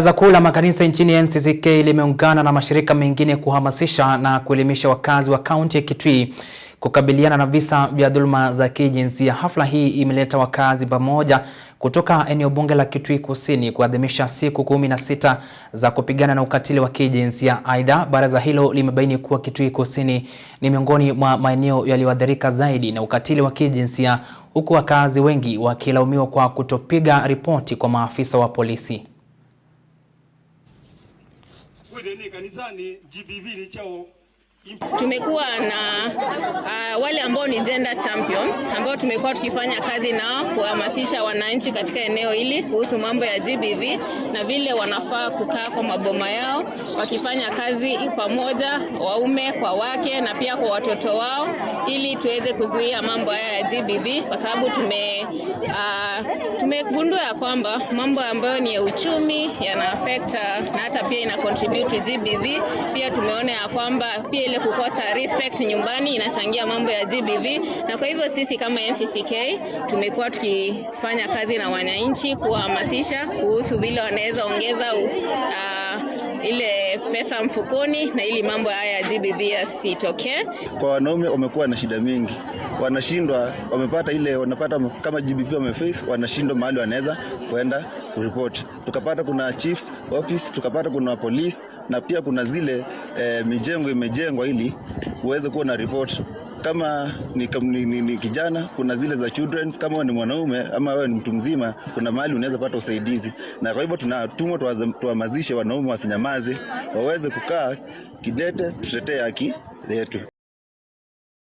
Baraza Kuu la Makanisa nchini NCCK limeungana na mashirika mengine kuhamasisha na kuelimisha wakazi wa kaunti ya Kitui kukabiliana na visa vya dhuluma za kijinsia. Hafla hii imeleta wakazi pamoja kutoka eneo bunge la Kitui Kusini kuadhimisha siku kumi na sita za kupigana na ukatili wa kijinsia. Aidha, baraza hilo limebaini kuwa Kitui Kusini ni miongoni mwa maeneo yaliyoathirika zaidi na ukatili wa kijinsia, huku wakazi wengi wakilaumiwa kwa kutopiga ripoti kwa maafisa wa polisi. Tumekuwa na uh, wale ambao ni gender champions ambao tumekuwa tukifanya kazi nao kuhamasisha wananchi katika eneo hili kuhusu mambo ya GBV na vile wanafaa kukaa kwa maboma yao wakifanya kazi pamoja, waume kwa wake na pia kwa watoto wao, ili tuweze kuzuia mambo haya ya GBV kwa sababu tume uh, Tumegundua ya kwamba mambo ambayo ni ya uchumi yana affect uh, na hata pia ina contribute GBV. Pia tumeona ya kwamba pia ile kukosa respect nyumbani inachangia mambo ya GBV, na kwa hivyo sisi kama NCCK tumekuwa tukifanya kazi na wananchi kuwahamasisha kuhusu vile wanaweza ongeza uh, ile pesa mfukoni na ili mambo haya ya GBV yasitokee. Kwa wanaume wamekuwa na shida mingi, wanashindwa wamepata ile wanapata kama GBV wameface, wanashindwa mahali wanaweza kwenda kuripoti. Tukapata kuna chiefs office, tukapata kuna polisi na pia kuna zile eh, mijengo imejengwa ili uweze kuwa na ripoti. Kama ni, ni, ni, ni kijana kuna zile za children. Kama wewe ni mwanaume ama wewe ni mtu mzima, kuna mahali unaweza pata usaidizi, na kwa hivyo tunatumwa tuwamazishe wanaume wasinyamaze, waweze kukaa kidete, tutetee haki yetu.